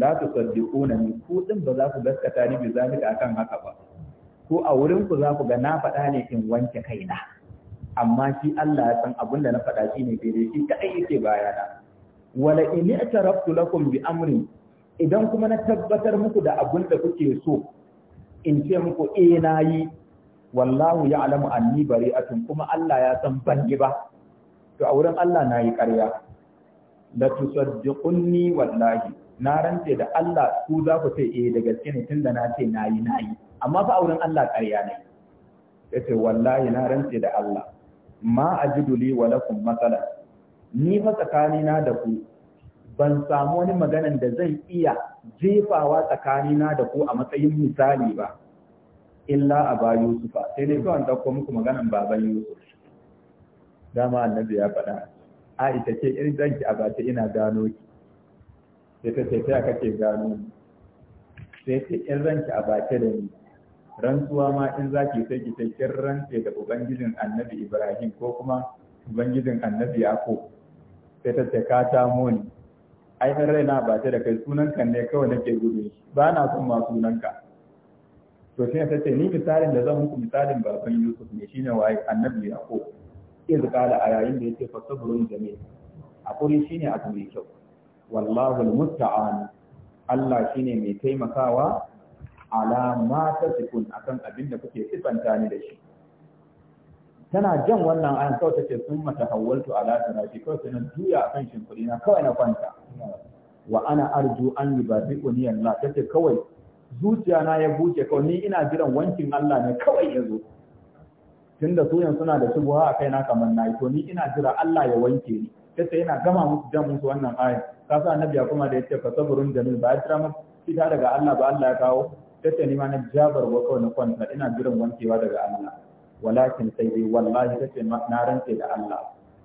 la tusaddiquna ni ku din ba za ku gaskata ni bi zamika akan haka ba ko a wurin ku za ku ga na faɗa ne in wanke kaina amma shi Allah ya san abin na faɗa shi ne daidai shi ke baya da. wala in i'taraftu lakum bi amrin idan kuma na tabbatar muku da abin da kuke so in ce muku eh nayi wallahu ya'lamu anni bari'atun kuma Allah ya san ban yi ba to a wurin Allah nayi ƙarya la tusaddiquni wallahi na rantse da Allah ku za ku ce eh da gaske ne tunda na ce nayi nayi amma fa auren Allah ƙarya ne ce wallahi na rantse da Allah ma ajidu li wa lakum masala ni fa tsakanina da ku ban samu wani maganan da zai iya jefawa tsakanina da ku a matsayin misali ba illa aba yusufa sai dai kawai dauko muku maganan baban yusuf dama annabi ya faɗa a ita ce irin danki a ina gano ki sai ta ce kake gano sai ce in ranki a bake da ni rantsuwa ma in za ki sai ki ta kin rantse da ubangijin annabi ibrahim ko kuma ubangijin annabi yako sai ta taka ta tamo ai in raina ba ta da kai sunanka ne kawai nake gudu ba na son ma sunanka to sai ta ce ni misalin da zan muku misalin baban yusuf ne shine waye annabi yako iz qala a yayin da yake fasabrun jami'a akuri shine a mai kyau wallahul almusta'an Allah shine mai taimakawa ala ma tasifun akan abin da kuke sifanta ni da shi tana jan wannan ayan kawai tace sun mata hawaltu ala tarafi kawai sai juya akan shimfiɗi na kawai na kwanta wa ana arju an yubabi'uni Allah tace kawai zuciya na ya buce kawai ni ina jiran wankin Allah ne kawai ya zo tunda su yanzu suna da shubuha a kaina kamar nayi to ni ina jira Allah ya wanke ni sai yana gama musu jan musu wannan aya kasa annabi ya kuma da yace fa sabrun jamil ba ya mu fita daga Allah ba Allah ya kawo sai ni ma na jabar wa kawai na kwanta ina jiran wankewa daga Allah walakin sai dai wallahi sai na rantse da Allah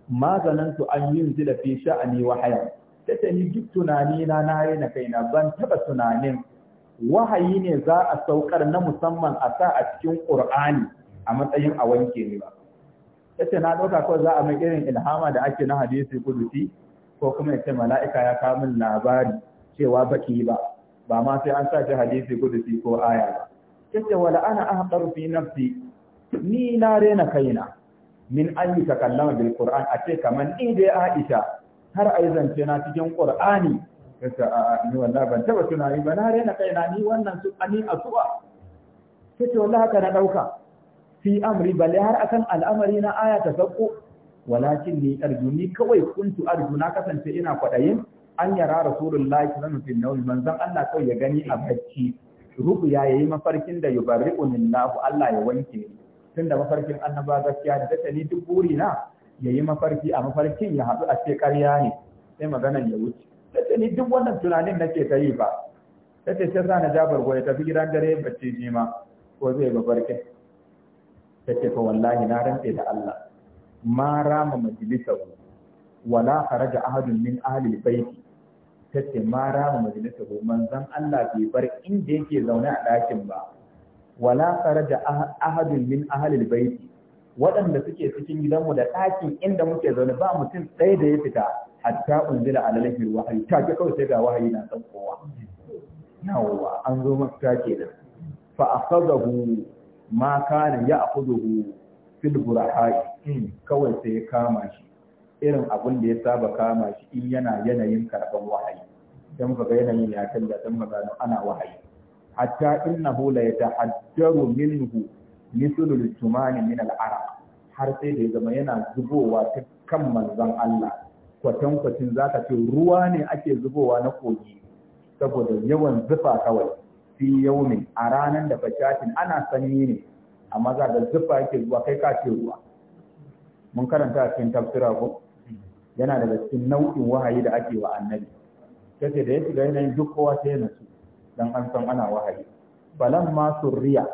Maganinsu su an yin zila fi sha'ani wa haya sai ni duk tunani na na na kaina ban taba tunanin wahayi ne za a saukar na musamman a sa a cikin Qur'ani a matsayin a wanke ne ba yace na ɗauka kawai za a mai irin ilhama da ake na hadisi kuduti ko kuma yace mala'ika ya kawo min labari cewa baki ba ba ma sai an sa shi hadisi kuduti ko aya ba yace wala ana ahqaru fi nafsi ni na rena kaina min an yi takallama bil qur'an a ce kaman ni dai Aisha har ai zance na cikin qur'ani yace a ni wallahi ban taba tunani ba na rena kaina ni wannan su ani asuwa yace wallahi haka na dauka fi amri balle har akan al'amari na aya ta sauko walakin ni arjuni kawai kuntu na kasance ina kwadayin an yara rasulullahi sallallahu alaihi wasallam manzon Allah kawai ya gani a bacci rubu ya yayi mafarkin da yubarri'unin lahu Allah ya wanke tunda mafarkin annaba gaskiya da take ni duk buri na yayi mafarki a mafarkin ya haɗu a ce ƙarya ne sai maganar ya wuce tace ni duk wannan tunanin nake ta yi ba take sai sa na jabar goye tafi gidan dare bacci ji ma ko zai ba ta ce fa wallahi na rantse da Allah ma rama majalisahu wala kharaja ahadun min ahli baiti ta ce ma rama majalisahu manzon Allah bai bar inda yake zaune a ɗakin ba wala kharaja ah-, ahadun min ahli baiti waɗanda suke cikin gidanmu da ɗakin inda muke zaune ba mutum ɗaya da ya fita hatta unzila ala lahir wahayi ta ke kawai sai ga wahayi na san kowa nawa an zo mafita kenan fa akhadahu ma kana ya akuduhu fil burahai hmm, kawai sai ya kama shi irin abin da ya saba kama shi in yana yanayin karban wahayi dan ga yanayin ya kalla dan magana ana wahayi hatta innahu la yatahaddaru minhu mithlu al-tumani min al har sai da ya zama yana zubowa ta kan manzon Allah kwatan-kwatan. Za zaka ce ruwa ne ake zubowa na kogi saboda yawan zufa kawai fi yawmin a ranar da fashatin ana sanyi ne amma za da zufa yake zuwa kai ka ce ruwa mun karanta a cikin tafsira ko yana daga cikin nau'in wahayi da ake wa annabi ce da ya shiga yanayin duk kowa sai ya nasu dan an san ana wahayi balan ma surriya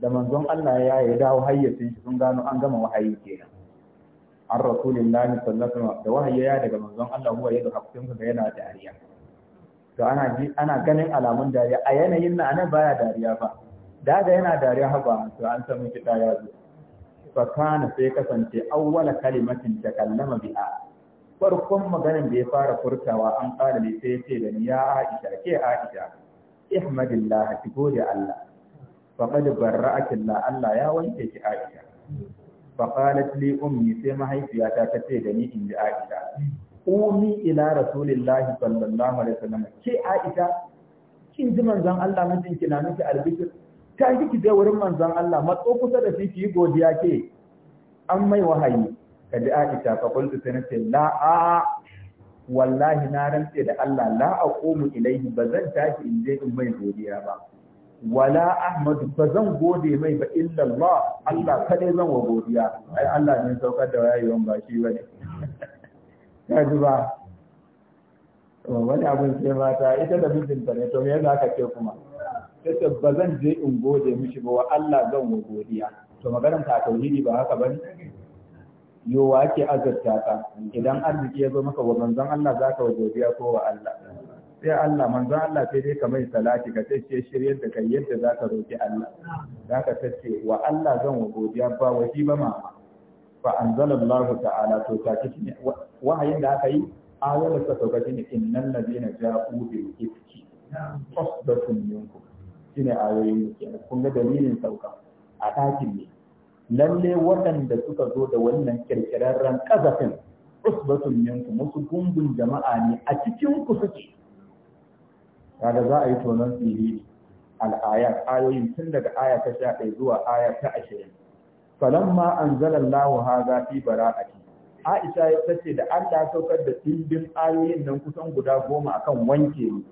da manzon Allah ya yi dawo hayyacin shi sun gano an gama wahayi kenan an rasulillahi sallallahu alaihi wasallam da wahayi ya daga manzon Allah huwa yadda hakkun ka yana da ariya to ana ana ganin alamun dariya a yanayin na anan baya dariya ba. da yana dariya haba to an san miki da ya zo fa kana sai kasance awwala kalimatin ta kallama biha farkon maganin da ya fara furtawa an fara ne sai ce da ya Aisha ke Aisha ihmadillah ki gode Allah faqad barra'aki Allah Allah ya wanke ki Aisha fa qalat li ummi sai mahaifiyata ta ce da ni in ji Aisha umi ila rasulillahi sallallahu alaihi wasallam ke aisha kin ji manzon Allah mijin ki na miki albishir ta yi je wurin manzon Allah matso kusa da shi yi godiya ke an mai wahayi ka ji aisha fa qultu sanata la a wallahi na rantse da Allah la aqumu ilaihi bazan tashi in je in mai godiya ba wala ahmad bazan gode mai ba illa Allah Allah kadai zan wa godiya ai Allah ne saukar da wayewan ba shi bane ka ji ba wani abin sai mata ita da mijinta ne to me yasa aka ce kuma sai ba zan je in gode mishi ba wa Allah zan wa godiya to maganar ta tauhidi ba haka bane wa ke azurta ka idan arziki ya zo maka wa manzon Allah zaka wa godiya ko wa Allah sai Allah manzon Allah sai dai ka mai salati ka sai ce shiryar da kai yadda zaka roki Allah zaka tace wa Allah zan wa godiya ba wa shi ba mama fa anzalallahu ta'ala to ta kici wahayin da aka yi ayar da sauka ne innal ladina ja'u bil ifki fasdatun minkum shine ayoyin da kun ga dalilin sauka a ɗakin ne lalle waɗanda suka zo da wannan kirkirarren kazafin usbatun minkum musu gungun jama'a ne a cikin ku suke kaga za a yi tonon tsiri, al'ayat ayoyin tun daga aya ta 11 zuwa aya ta ashirin falamma anzalallahu hadha fi bara'ati Aisha ya ce da Allah saukar da dindin ayoyin nan kusan guda goma akan wanke ni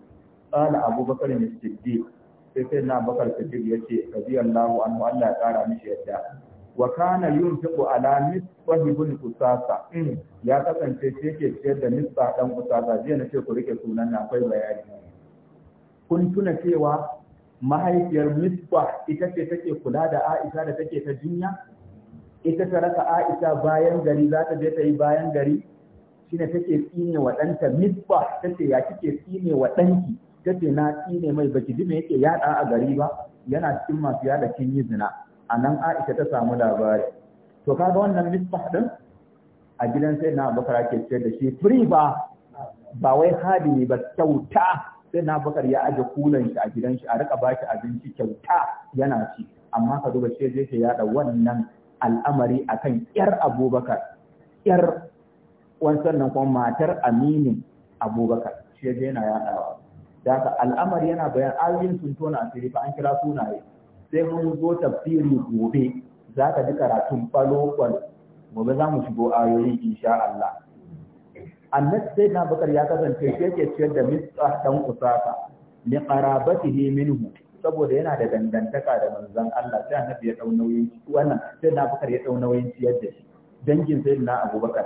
qala Abubakar ne siddiq sai sai na Bakar siddiq yace radiyallahu anhu Allah ya kara mishi yadda wa kana yunfiqu ala nisfa Kusasa qusasa ya kasance sai yake ciyar da misba dan Kusasa, jiya nace ku rike sunan na akwai bayani kun tuna cewa mahaifiyar misba ita ce take kula da Aisha da take ta jinya ita ta raka Aisha bayan gari za ta je ta yi bayan gari shine take tsine wa ɗanta misba ce ya kike tsine wa ɗanki ce na tsine mai baki ji me yake yaɗa a gari ba yana cikin masu yada kin yi zina a nan Aisha ta samu labari to kaga wannan misbah ɗin? a gidan sai na Abubakar ke ce da shi free ba ba wai hadi ne ba kyauta sai na bakar ya aje kulan shi a gidan shi a rika ba abinci kyauta yana ci amma ka duba ce zai ke yada wannan al'amari a kan ‘yar abubakar, ‘yar wancan nan kuma matar aminin abubakar, shi yaje yana yaɗawa. Da haka al'amari yana bayan ayoyin sun tona asiri sirifa an kira sunaye, sai mun zo tafsiri gobe za ka ji karatun falo-falo, gobe za mu shigo ayoyi insha Allah. annabi sai na bakar ya kasance shi yake ciyar da mista dan usafa li qarabatihi minhu saboda yana da dangantaka da manzon Allah sai annabi ya dau nauyin wannan sai na bakar ya dau nauyin shi da shi dangin sai na Abu Bakar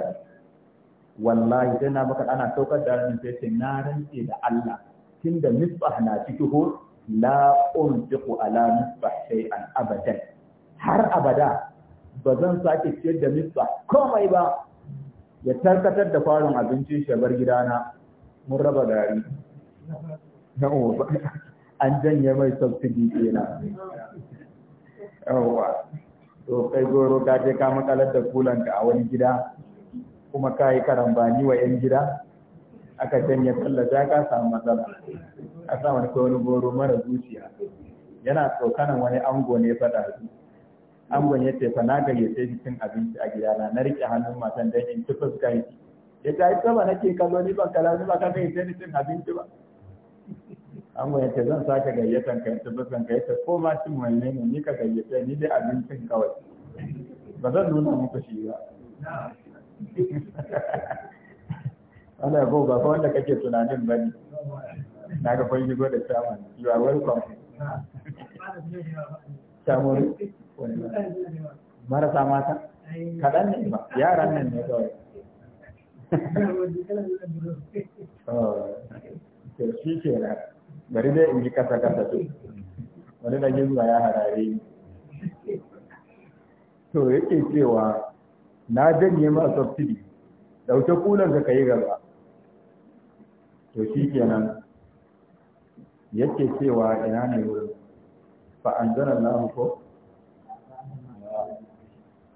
wallahi sai na bakar ana saukar da ranar sai sai na rantse da Allah tunda misbah na ciki ho la unfiqu ala misbah shay'an abadan har abada ba zan sake ciyar da misbah komai ba ya tarkatar da farin abincin shi bar gidana mun raba gari an janye mai subsidi kenan yawwa to kai goro ka je ka makalar da kulanka a wani gida kuma ka yi karambani wa 'yan gida aka janye tallata ka samu matsala a sa wani wani goro mara zuciya yana tsokanan wani ango ne fada su angon ya ce fa na gayyace shi abinci a gida na rike hannun matan dan in ci yi. ya ta yi sama nake kallo ni ban kala ni ba ka sai ni cin abinci ba an gwaye zan sake gayyatan ka ta bakan ka ta ko ma cin wani ne ni ka gayyata ni dai abincin kawai ba zan nuna muku shi ba ana ko ba fa wanda kake tunanin ba ne na ga kun shigo da chairman you are welcome chairman marasa mata kaɗan ne ba yaran nan ne kawai oh, bari dai in ji kasa kasa to wani na gizma ya harare ni to yake cewa na janye ma subsidy dauke kulan ka kai gaba to shi kenan yake cewa ina ne wurin fa anzana Allah ko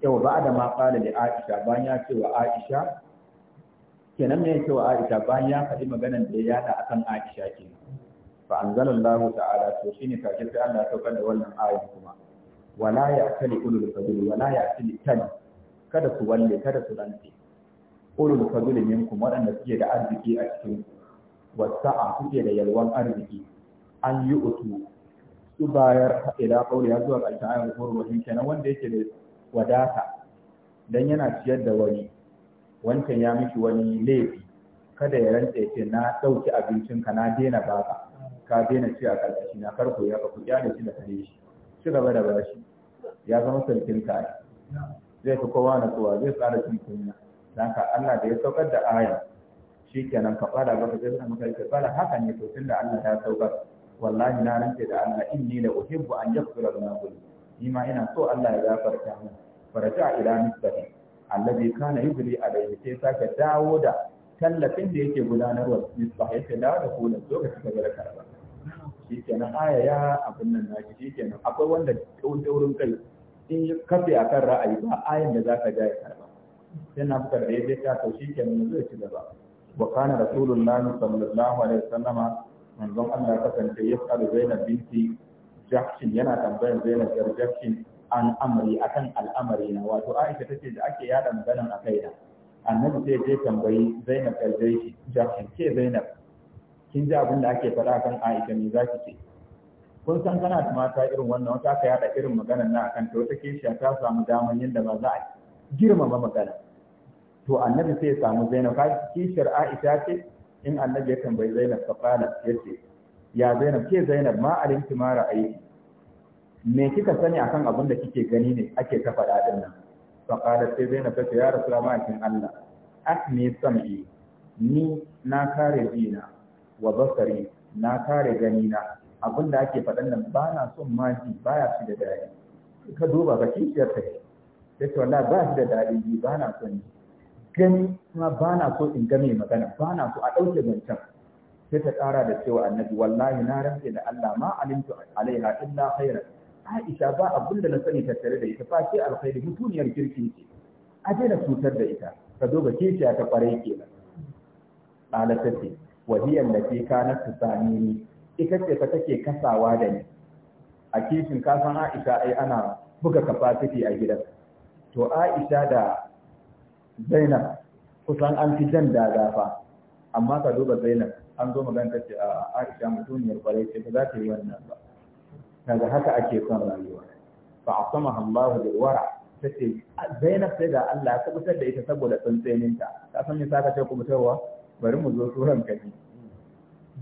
yau ba da ma fara da Aisha bayan ya ce wa Aisha kenan ne ya ce wa Aisha bayan ya faɗi maganar da ya yada akan Aisha kenan fa anzalallahu ta'ala to shine kafin sai Allah ya saukar da wannan ayan kuma wala ya'tali ulul fadl wala ya'tali tali kada su walle kada su rantse ulul fadli minkum waɗanda suke da arziki a cikin wasa'a suke da yalwan arziki an yi utu su bayar ila kauli ya zuwa ƙarshen ayan rahim kenan wanda yake da wadata dan yana ciyar da wani wancan ya miki wani laifi kada ya rantse ce na ɗauki abincinka na daina baka ka daina ci a ƙarƙashi na karko ya ka ku kyale shi da kare shi ci gaba da bashi ya zama sarkin ka zai fi kowa na kowa zai tsara cin kunya ka Allah da ya saukar da aya kenan ka fara baka zai zama kai ka fara haka ne to da Allah ya saukar wallahi na rance da Allah ni da uhibbu an yaghfira lana kulli ni ma ina so Allah ya gafarta min faraja ila nisbati alladhi kana yubli alayhi sai sake dawo da tallafin da yake gudanarwa nisbah yake dawo da kullun lokacin da ya karba shi kenan aya ya abin nan na shi kenan akwai wanda daurin kai in yi kafe a kan ra'ayi ba ayin da za ka ja ya karba sai na fuka da ya ta to shi kenan zai ci gaba wa kana rasulullahi sallallahu alaihi wasallama manzon Allah kasance ya faru Zainab binti Jahshin yana tambayar Zainab yar Jahshin an amri akan al'amari na wato Aisha tace da ake yada maganan akai kaina annabi sai ya tambayi Zainab yar Jahshin ke Zainab kin ji abin da ake faɗa kan Aisha me ki ce kun san kana da mata irin wannan wata ka yaɗa irin maganar na akan ta wata kishiya ta samu daman yadda ba za a girmama magana to annabi sai ya samu Zainab ka kishiyar Aisha ce in annabi ya tambayi Zainab fa ya ce. ya Zainab ke Zainab ma alimti ma ra'ayi me kika sani akan abin da kike gani ne ake ta faɗa din nan fa qala sai Zainab ta ce ya rasu ma'akin Allah asmi sam'i ni na kare dina wa basari na kare gani na abin da ake faɗan nan ba na son maji ya fi da daɗi ka duba ga kishiyar ta ta ce wallahi ba shi da daɗi ji ba na son gani kuma ba na so in ga mai magana ba na so a ɗauke zancen sai ta ƙara da cewa annabi wallahi na rantse da Allah ma alimtu alaiha illa khaira Aisha ba abin da na sani tattare da ita ke alkhairi mutuniyar kirki ce a da cutar da ita ka duba kishiya ta kwarai kenan ɗalata ce da ke kanar na kanat ni. ita ce ta take kasawa da ni a kishin kasan Aisha ai ana buga take a gidan to Aisha da Zainab kusan an fi jan fa. amma ka duba Zainab an zo magana ta ce a Aisha mutuniyar kwarai ce ba za ta yi wannan ba daga haka ake son rayuwa fa asamaha Allahu bil wara tace Zainab sai da Allah ya kubutar da ita saboda tsantseninta ka san me saka ce kubutarwa bari mu zo suran kaji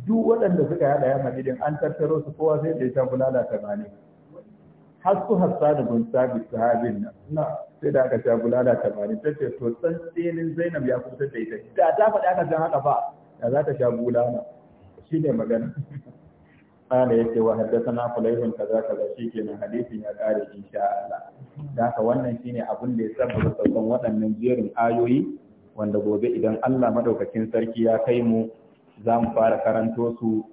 duk waɗanda suka yada ya madidin an tattaro su kowa sai da ita bulala ta bane hasku hasa da gun sabi sahabin nan na sai da aka sha bulala ta bane ta ce to san tsinin zainab ya kusa da ita da ta faɗi aka san haka fa da za ta sha bulala shi ne magana ana yake wa haddasa fulaihun kaza kaza shi ke nan hadisin ya kare insha Allah da haka wannan shine abin da ya sabbata sabon waɗannan jerin ayoyi wanda gobe idan Allah madaukakin sarki ya kai mu za mu fara karanto su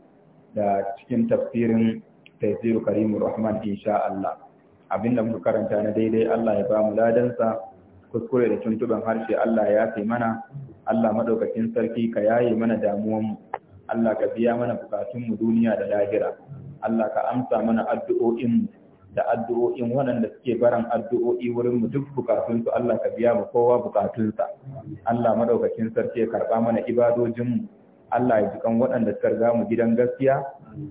da cikin tafsirin tafsiru karimu rahman insha Allah abinda muka karanta na daidai Allah ya ba mu ladansa kuskure da tuntuban harshe Allah ya fi mana Allah madaukakin sarki ka yaye mana damuwan mu Allah ka biya mana bukatun mu duniya da lahira Allah ka amsa mana addu'o'in mu da addu'o'in waɗanda suke baran addu'o'i wurin mu duk bukatunsu Allah ka biya mu kowa bukatunsa Allah madaukakin sarki ya karɓa mana ibadojinmu. Allah ya jikan waɗanda suka riga mu gidan gaskiya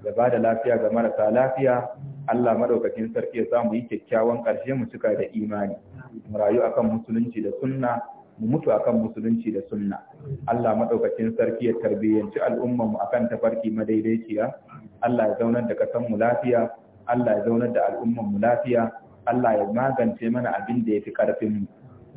Ya ba da lafiya ga marasa lafiya Allah madaukakin sarki ya sa mu yi kyakkyawan ƙarshe mu cika da imani mu rayu akan musulunci da sunna mu mutu akan musulunci da sunna Allah madaukakin sarki ya tarbiyyanci al'ummar mu akan tafarki madaidaiciya Allah ya zaunar da kasan mu lafiya Allah ya zaunar da al'umman lafiya Allah ya magance mana abin da ya fi ƙarfinmu.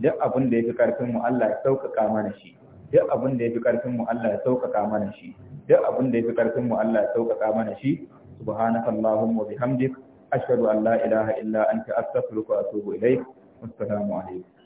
duk abin da ya fi ƙarfinmu, Allah ya sauƙaƙa mana shi duk abin da ya fi ƙarfinmu, Allah ya sauƙaƙa mana shi duk abin da ya fi ƙarfinmu, Allah ya sauƙaƙa mana shi subhanakallahumma wa bihamdik ashhadu an la ilaha illa anta astaghfiruka wa atubu ilaik assalamu alaikum